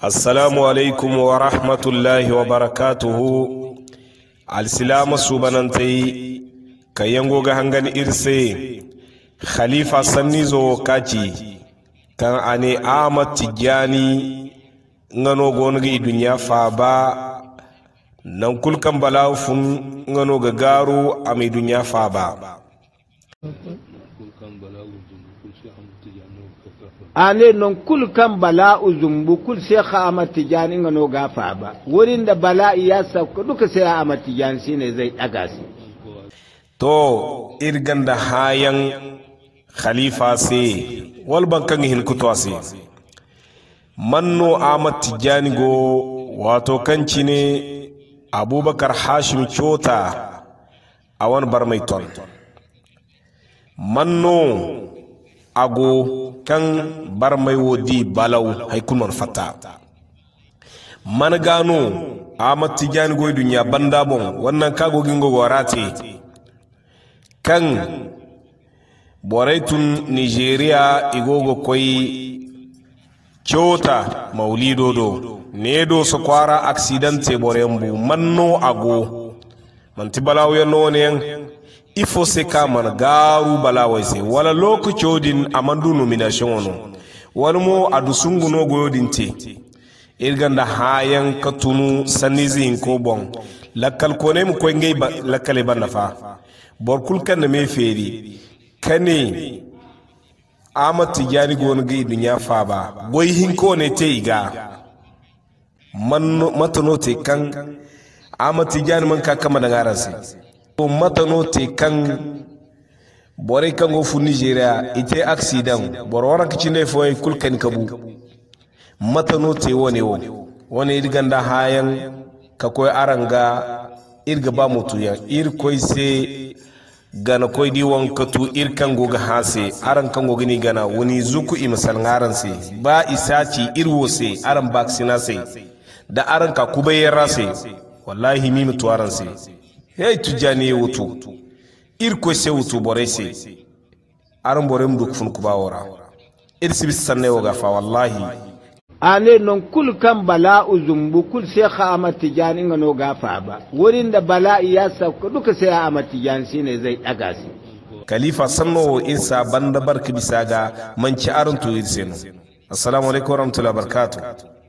assalamu aleykum warahmatullahi wabarakatuhu alsilama subanantey ka yangoga hangani irse khalifa sannizo kaci kan ani amad tijjani ngano gonuga i duniya faba nan kulkan balawu fun ngano ga garu amai duniya faba ale non kul kan bala'u zumbu kul sai ka amati jani ngano gafa ba wurin da bala'i ya sauka duka sai amati jani shine zai daga su to irgan da hayan khalifa sai wal bankan hin kutwa sai manno amati jani go wato kanci ne abubakar hashim cota a wani bar mai ton manno ago kan barmai wo di balaw hay kulman fata man gano ama tijani goy dunya banda bon wannan kago gingo gorate kan boraitun nigeria igogo koy cota maulido do ne do su kwara accidente borembu manno ago manti balaw yallo ne ifo se ka man garu balawaise wala lokaco din amandu nomination wono wani mo adu sunguno goyodin te irganda hayan ka tunu sanizin ko bon lakal kone mu koyngey lakkale banna fa borkul kan me feri kane ama tijani gonu ga dunya fa ba goy hin kone te iga man matano te kan ama tijani man ka kama da ngaransi o matano te kan bore kan go fu nigeria ite accident boro warankacinde foy kul kan kabu matano te wone wo wone ir ganda hayan ka koy aranga ir ga ba mutu yan ir koy se gana koy di tu ir kan go ga hase aran kan go ni gana wani zuku misal ngaran se ba ci ir wo se aran baksina se da aran ka kubayen rase wallahi mimi tuwaran se hey tujani wutu irko se wutu borese aran borem duk fun kuba wora ir sibis sanne woga fa wallahi ale non kul kan bala'u zumbu kul sai ka amati jani ga no gafa ba wurin da Bala ya sa duka sai amati jani shine zai daga shi khalifa sanno insa banda barki bisaga manci aran to yirsenu assalamu alaikum warahmatullahi wabarakatuh